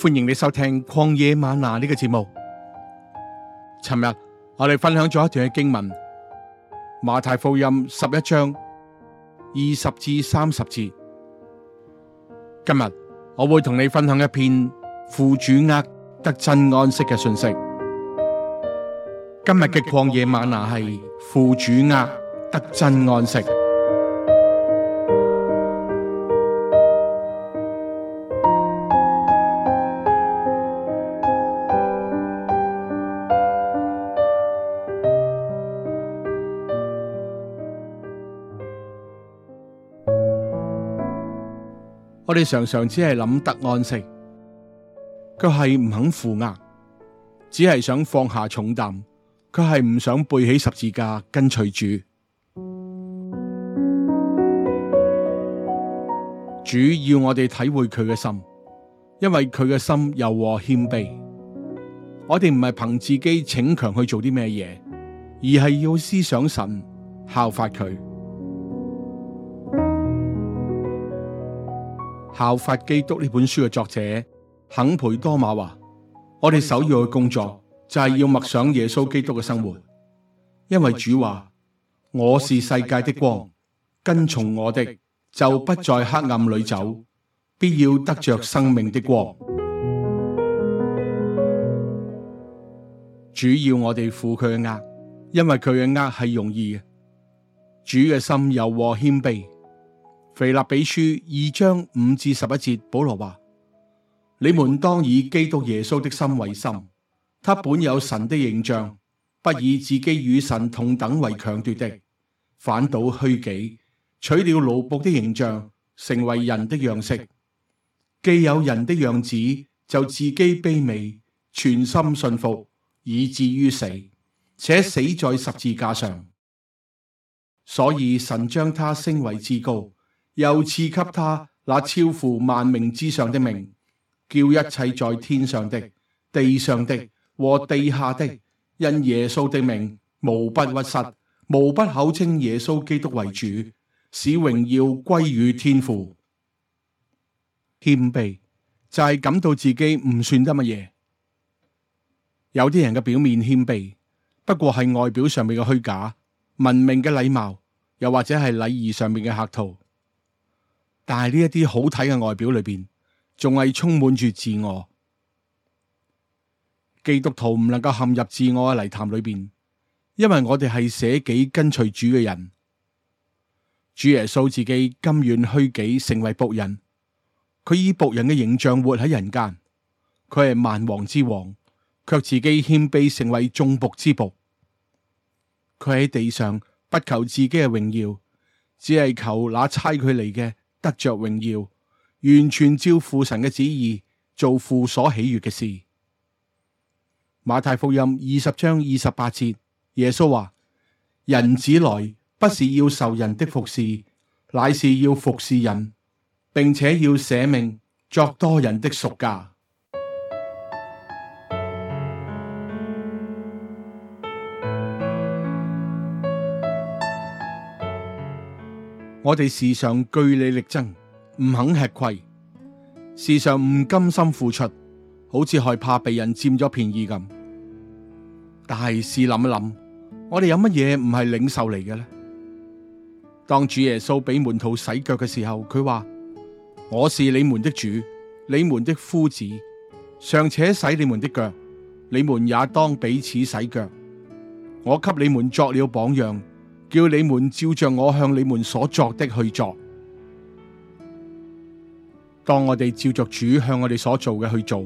歡迎你收聽《曠野嗎哪》呢、這個節目。尋日我哋分享咗一段嘅經文《馬太福音》十一章二十至三十節，今日我會同你分享一篇負主軛得真安息嘅信息。今日嘅曠野嗎哪係「負主軛得真安息」。的我哋常常只係諗得安息，佢係唔肯負軛，只係想放下重擔，佢係唔想背起十字架跟隨主。主要我哋體會佢嘅心，因為佢嘅心柔和謙卑。我哋唔係憑自己逞強去做啲咩嘢，而係要思想神，效法佢。效法基督呢本書嘅作者肯培多馬話：我哋首要嘅工作就係要默想耶穌基督嘅生活，因為主話：我是世界的光，跟從我的就不在黑暗裏走，必要得着生命的光。主要我哋負佢嘅軛，因為佢嘅軛係容易嘅。主嘅心柔和謙卑。腓立比,比書二章五至十一節，保羅話：你們當以基督耶穌的心為心，他本有神的形象，不以自己與神同等為強奪的，反倒虛己，取了奴僕的形象，成為人的樣式。既有人的樣子，就自己卑微，全心順服，以至於死，且死在十字架上。所以神將他升為至高。又賜給他那超乎萬名之上的名，叫一切在天上的、地上的和地下的，因耶穌的名，無不屈膝，無不口稱耶穌基督為主，使榮耀歸於天父。謙卑就係、是、感到自己唔算得乜嘢。有啲人嘅表面謙卑，不過係外表上面嘅虛假、文明嘅禮貌，又或者係禮儀上面嘅客套。但係呢一啲好睇嘅外表裏邊，仲係充滿住自我。基督徒唔能夠陷入自我嘅泥潭裏邊，因為我哋係捨己跟隨主嘅人。主耶穌自己甘願虛己成為僕人，佢以僕人嘅形象活喺人間。佢係萬王之王，卻自己謙卑成為眾僕之僕。佢喺地上不求自己嘅榮耀，只係求那差佢嚟嘅。得着榮耀，完全照父神嘅旨意做父所喜悦嘅事。馬太福音二十章二十八節，耶穌話：人子來不是要受人的服事，乃是要服事人，並且要捨命作多人的贖價。我哋時常據理力爭，唔肯吃虧，時常唔甘心付出，好似害怕被人佔咗便宜咁。但係試諗一諗，我哋有乜嘢唔係領袖嚟嘅呢？當主耶穌俾門徒洗腳嘅時候，佢話：我是你們的主，你們的夫子，尚且洗你們的腳，你們也當彼此洗腳。我給你們作了榜樣。叫你們照着我向你們所作的去作。當我哋照着主向我哋所做嘅去做，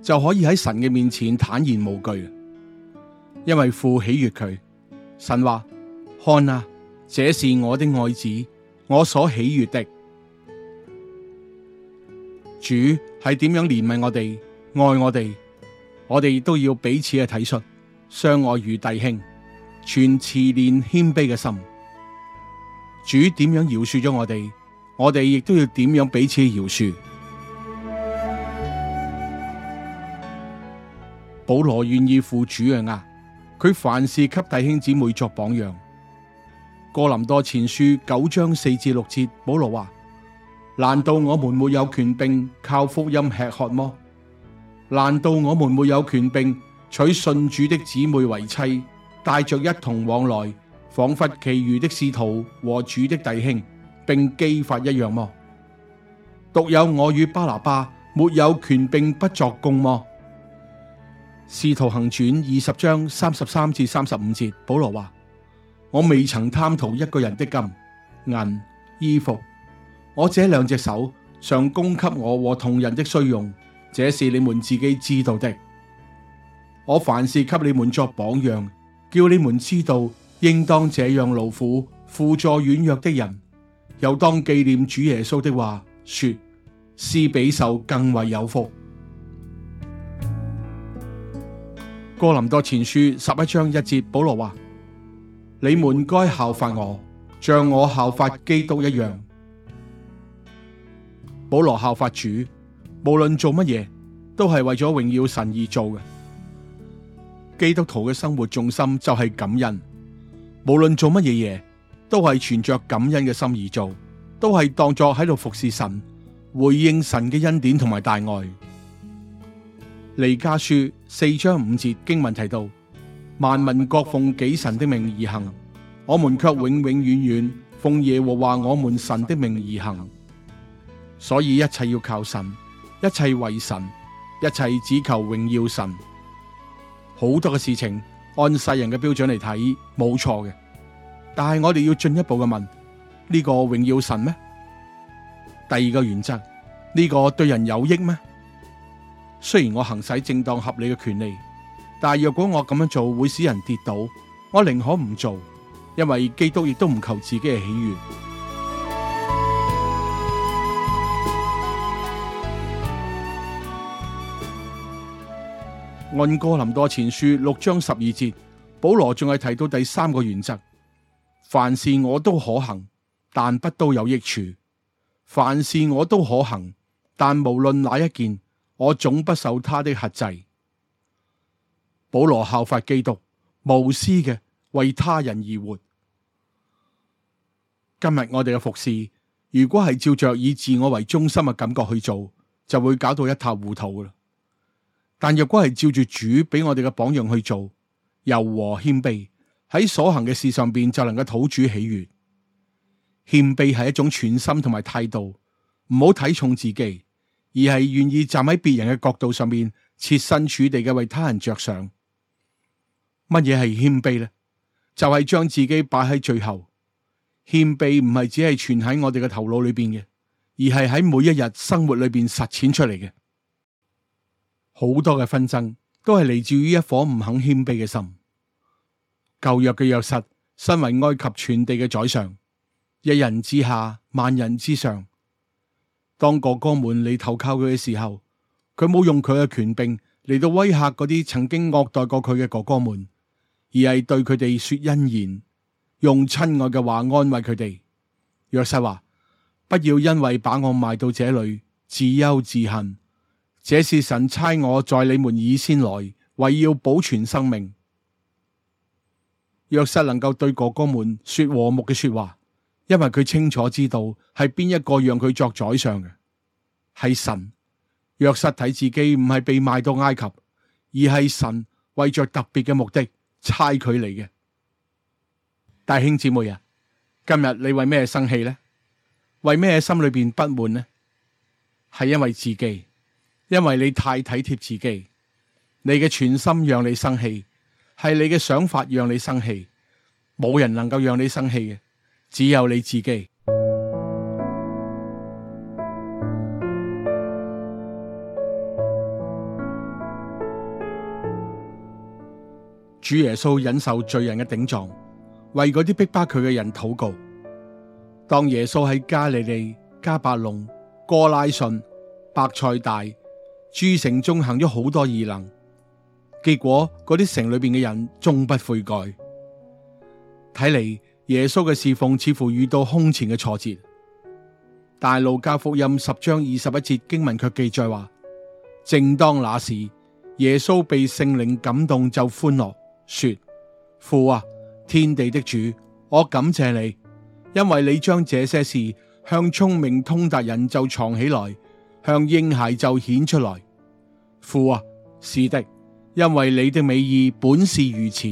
就可以喺神嘅面前坦然無懼。因為父喜悦佢，神話，看啊，這是我的愛子，我所喜悦的。主係點樣憐憫我哋、愛我哋，我哋都要彼此嘅體恤，相愛如弟兄。全慈念謙卑嘅心，主點樣饒恕咗我哋，我哋亦都要點樣彼此饒恕。保羅願意負主嘅軛佢凡事給弟兄姊妹作榜樣。哥林多前書九章四至六節，保羅話：難道我們沒有權柄靠福音吃喝麼？難道我們沒有權柄娶信主的姊妹為妻？帶着一同往來，仿佛其餘的使徒和主的弟兄，並基法一樣麼？獨有我與巴拿巴沒有權柄不作工麼？使徒行傳二十章三十三至三十五節，保羅話：我未曾貪圖一個人的金銀衣服，我這兩隻手常供給我和同人的需用，這是你們自己知道的。我凡事給你們作榜樣。叫你們知道，應當這樣勞苦，輔助軟弱的人，又當紀念主耶穌的話，說：施比受更為有福。哥林多前書十一章一節，保羅話：你們該效法我，像我效法基督一樣。保羅效法主，無論做乜嘢，都係為咗榮耀神而做嘅。基督徒嘅生活重心就係感恩，無論做乜嘢嘢都係存着感恩嘅心意做，都係當作喺度服侍神，回應神嘅恩典同埋大愛。彌迦書四章五節經文提到：萬民各奉己神的名而行，我們卻永永遠遠，遠奉耶和華我們神的名而行。所以一切要靠神，一切為神，一切只求榮耀神。好多嘅事情按世人嘅標準嚟睇，冇錯嘅，但係我哋要進一步嘅問，呢個榮耀神咩？第二個原則，呢個對人有益咩？雖然我行使正當合理嘅權利，但係若果我咁樣做會使人跌倒，我寧可唔做，因為基督亦都唔求自己嘅喜悦。按哥林多前書六章十二節，保羅仲係提到第三個原則：凡事我都可行，但不都有益處；凡事我都可行，但無論哪一件，我總不受他的轄制。保羅效法基督，無私嘅為他人而活。今日我哋嘅服侍，如果係照着以自我為中心嘅感覺去做，就會搞到一塌糊塗啦。但若果係照住主俾我哋嘅榜樣去做，柔和謙卑喺所行嘅事上邊就能夠討主喜悅。謙卑係一種全心同埋態度，唔好睇重自己，而係願意站喺別人嘅角度上面，設身處地嘅為他人着想。乜嘢係謙卑呢？就係將自己擺喺最後。謙卑唔係只係存喺我哋嘅頭腦裏邊嘅，而係喺每一日生活裏邊實踐出嚟嘅。好多嘅紛爭都係嚟自於一顆唔肯謙卑嘅心。舊約嘅約瑟，身為埃及全地嘅宰相，一人之下，萬人之上。當哥哥們嚟投靠佢嘅時候，佢冇用佢嘅權柄嚟到威吓嗰啲曾經惡待過佢嘅哥哥們，而係對佢哋說恩言，用親愛嘅話安慰佢哋。約瑟話：，不要因為把我賣到這裏，自憂自恨。這是神差我在你們以先來，為要保存生命。約瑟能夠對哥哥們說和睦嘅說話，因為佢清楚知道係邊一個讓佢作宰相嘅，係神。約瑟睇自己唔係被賣到埃及，而係神為着特別嘅目的差佢嚟嘅。弟兄姊妹啊，今日你為咩生氣呢？為咩心裏邊不滿呢？係因為自己。因為你太體貼自己，你嘅全心讓你生氣，係你嘅想法讓你生氣，冇人能夠讓你生氣嘅，只有你自己。主耶穌忍受罪人嘅頂撞，為嗰啲逼迫佢嘅人禱告。當耶穌喺加利利迦百農、哥拉汛伯賽大、諸城中行咗好多異能，結果嗰啲城裏邊嘅人終不悔改。睇嚟，耶穌嘅侍奉似乎遇到空前嘅挫折。但係路加福音十章二十一節經文卻記載話：正當那時，耶穌被聖靈感動就歡樂，說：父啊，天地的主，我感謝你，因為你將這些事向聰明通達人就藏起來。向嬰孩就顯出來，父啊，是的，因為你的美意本是如此。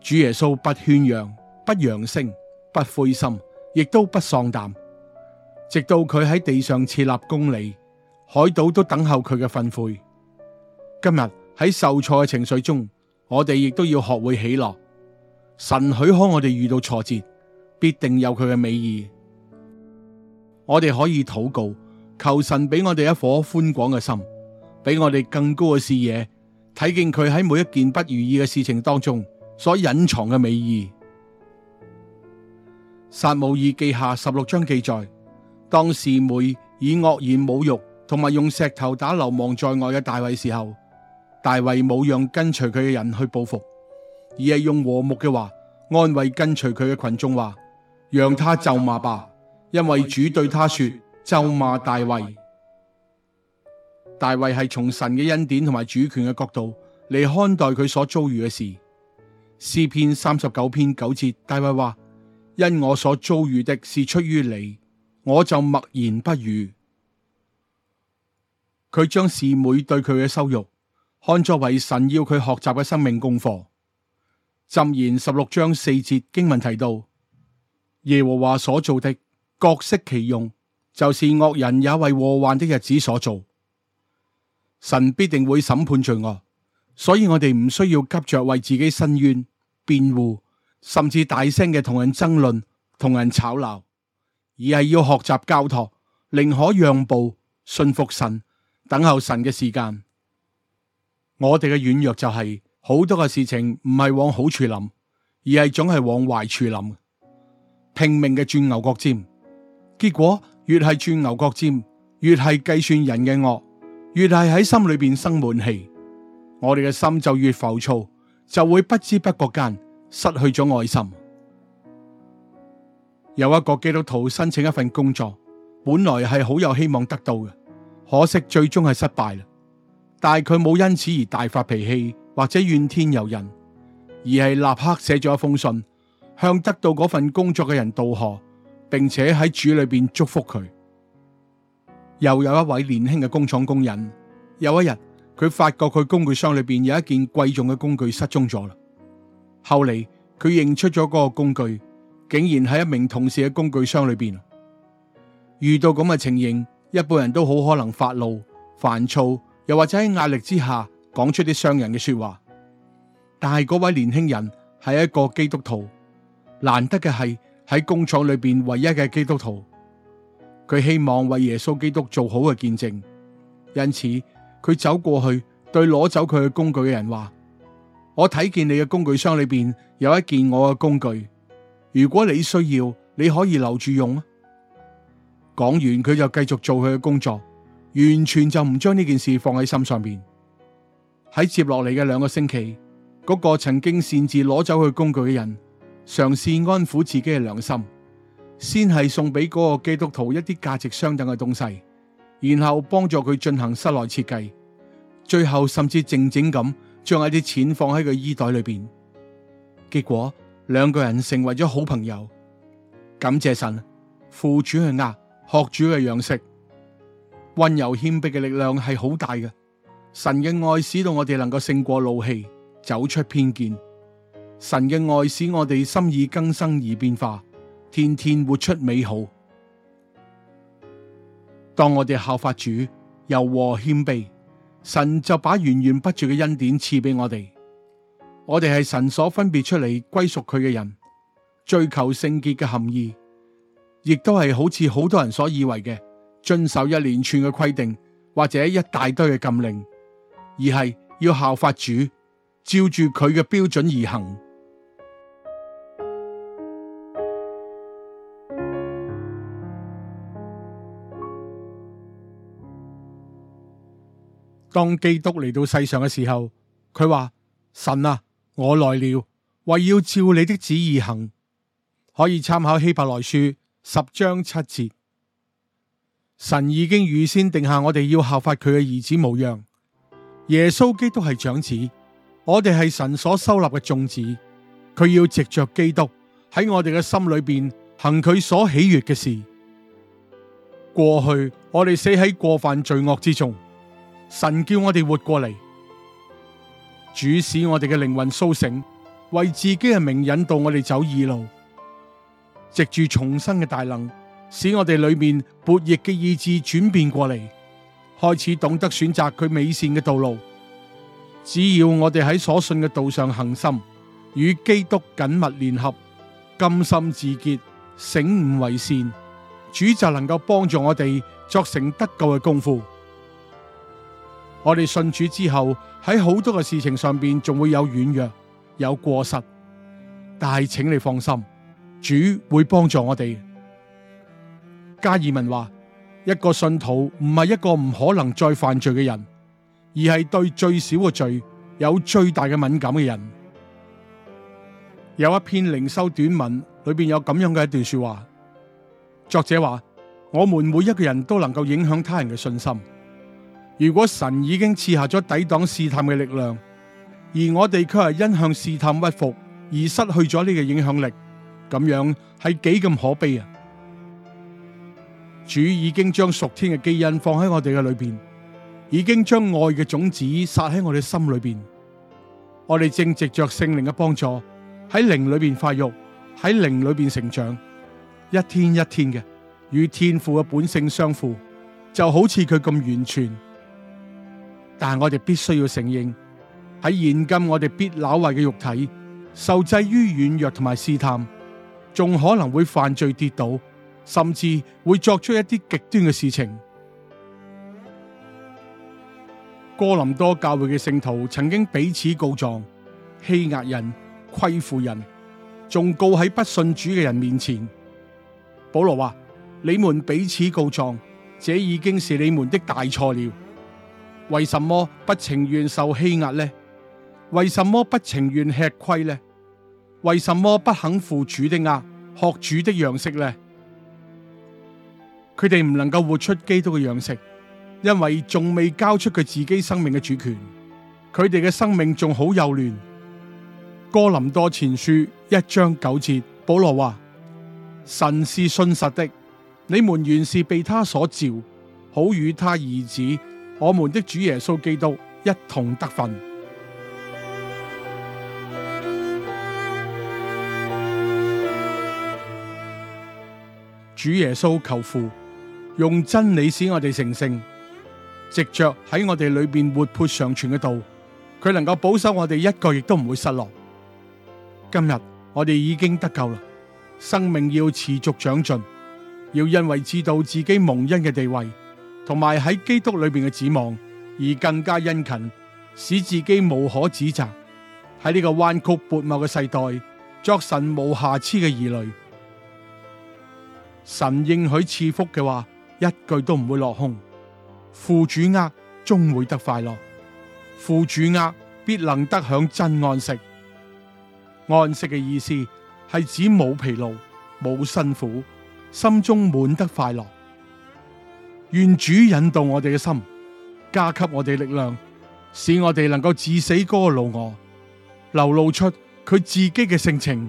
主耶穌不喧嚷，不揚聲，不灰心，亦都不喪膽，直到佢喺地上設立公理，海島都等候佢嘅訓誨。今日喺受挫嘅情緒中，我哋亦都要學會喜樂。神許可我哋遇到挫折，必定有佢嘅美意。我哋可以禱告，求神俾我哋一顆寬廣嘅心，俾我哋更高嘅視野，睇見佢喺每一件不如意嘅事情當中所隱藏嘅美意。撒母耳記下十六章記載，當示每以惡言侮辱同埋用石頭打流亡在外嘅大衛時候，大衛冇讓跟隨佢嘅人去報復，而係用和睦嘅話安慰跟隨佢嘅群眾話，話讓他咒罵吧。因為主對他說咒罵大衛，大衛係從神嘅恩典同埋主權嘅角度嚟看待佢所遭遇嘅事。詩篇三十九篇九節，大衛話：因我所遭遇的是出於你，我就默然不語。佢將示每對佢嘅羞辱看作為神要佢學習嘅生命功課。箴言十六章四節經文提到耶和華所做的。各釋其用，就是惡人也為禍患的日子所做。神必定會審判罪惡，所以我哋唔需要急着為自己申冤，辯護，甚至大聲嘅同人爭論，同人吵鬧，而係要學習交託，寧可讓步、信服神、等候神嘅時間。我哋嘅軟弱就係、是、好多嘅事情唔係往好處諗，而係總係往壞處諗，拼命嘅鑽牛角尖。結果越係鑽牛角尖，越係計算人嘅惡，越係喺心裏邊生悶氣，我哋嘅心就越浮躁，就會不知不覺間失去咗愛心。有一個基督徒申請一份工作，本來係好有希望得到嘅，可惜最終係失敗了，但係佢冇因此而大發脾氣或者怨天尤人，而係立刻寫咗一封信，向得到嗰份工作嘅人道賀。並且喺主裏邊祝福佢。又有一位年輕嘅工廠工人，有一日佢發覺佢工具箱裏邊有一件貴重嘅工具失蹤咗啦。後嚟，佢認出咗嗰個工具，竟然喺一名同事嘅工具箱裏邊。遇到咁嘅情形，一般人都好可能發怒、煩躁，又或者喺壓力之下講出啲傷人嘅說話。但係嗰位年輕人係一個基督徒，難得嘅係。喺工廠裏邊唯一嘅基督徒，佢希望為耶穌基督做好嘅見證，因此佢走過去對攞走佢嘅工具嘅人話：我睇見你嘅工具箱裏邊有一件我嘅工具，如果你需要，你可以留住用啊。講完佢就繼續做佢嘅工作，完全就唔將呢件事放喺心上邊。喺接落嚟嘅兩個星期，嗰個曾經擅自攞走佢工具嘅人。嘗試安撫自己嘅良心，先係送俾嗰個基督徒一啲價值相等嘅東西，然後幫助佢進行室內設計，最後甚至靜靜咁將一啲錢放喺佢衣袋裏邊。結果兩個人成為咗好朋友。感謝神，負主嘅軛，學主嘅樣式，溫柔謙卑嘅力量係好大嘅。神嘅愛使到我哋能夠勝過怒氣，走出偏見。神嘅愛使我哋心意更生而變化，天天活出美好。當我哋效法主，柔和謙卑，神就把源源不絕嘅恩典賜俾我哋。我哋係神所分別出嚟歸屬佢嘅人，追求聖潔嘅含義，亦都係好似好多人所以為嘅，遵守一連串嘅規定，或者一大堆嘅禁令，而係要效法主，照住佢嘅標準而行。當基督嚟到世上嘅時候，佢話：神啊，我來了，為要照你的旨意行。可以參考希伯來書十章七節。神已經預先定下我哋要效法佢嘅兒子模樣，耶穌基督係長子，我哋係神所收納嘅眾子。佢要藉着基督喺我哋嘅心裏邊行佢所喜悦嘅事。過去我哋死喺過犯罪惡之中。神叫我哋活過嚟，主使我哋嘅靈魂甦醒，為自己嘅名引導我哋走義路，藉住重生嘅大能，使我哋裏面薄弱嘅意志轉變過嚟，開始懂得選擇佢美善嘅道路。只要我哋喺所信嘅道上恒心，與基督緊密聯合，甘心自潔，醒悟為善，主就能夠幫助我哋作成得救嘅功夫。我哋信主之後，喺好多嘅事情上邊仲會有軟弱、有過失，但係請你放心，主會幫助我哋。加爾文話：一個信徒唔係一個唔可能再犯罪嘅人，而係對最少嘅罪有最大嘅敏感嘅人。有一篇靈修短文裏邊有咁樣嘅一段說話，作者話：我們每一個人都能夠影響他人嘅信心。如果神已經賜下咗抵擋試探嘅力量，而我哋卻係因向試探屈服而失去咗呢個影響力，咁樣係幾咁可悲啊！主已經將屬天嘅基因放喺我哋嘅裏邊，已經將愛嘅種子撒喺我哋心裏邊，我哋正藉着聖靈嘅幫助喺靈裏邊發育，喺靈裏邊成長，一天一天嘅與天父嘅本性相符，就好似佢咁完全。但係我哋必須要承認，喺現今我哋必朽壞嘅肉體，受制於軟弱同埋試探，仲可能會犯罪跌倒，甚至會作出一啲極端嘅事情。哥林多教會嘅聖徒曾經彼此告狀，欺壓人、虧負人，仲告喺不信主嘅人面前。保羅話：你們彼此告狀，這已經是你們的大錯了。為什麼不情願受欺壓呢？為什麼不情願吃虧呢？為什麼不肯負主的軛、學主的樣式呢？佢哋唔能夠活出基督嘅樣式，因為仲未交出佢自己生命嘅主權。佢哋嘅生命仲好幼嫩。哥林多前書一章九節，保羅話：神是信實的，你們原是被他所召，好與他兒子。我們的主耶穌基督一同得份。主耶穌求父，用真理使我哋成聖，藉着喺我哋裏邊活潑上傳嘅道，佢能夠保守我哋一個，亦都唔會失落。今日我哋已經得救啦，生命要持續長進，要因為知道自己蒙恩嘅地位，同埋喺基督裏邊嘅指望，而更加殷勤，使自己無可指責。喺呢個彎曲悖謬嘅世代，作神無瑕疵嘅兒女，神應許賜福嘅話，一句都唔會落空。負主軛終會得快樂，負主軛必能得享真安息。安息嘅意思係指冇疲勞、冇辛苦，心中滿得快樂。願主引導我哋嘅心，加給我哋力量，使我哋能夠治死那個老我，流露出佢自己嘅性情。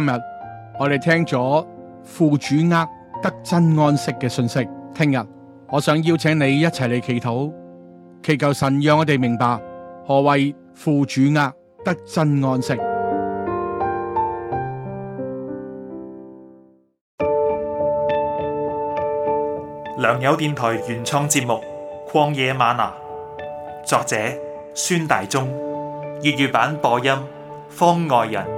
今日我哋聽咗負主軛得真安息嘅信息，聽日我想邀請你一齊嚟祈禱，祈求神讓我哋明白何謂負主軛得真安息。良友電台原創節目《曠野嗎哪》，作者孫大中，粵語版播音方外人。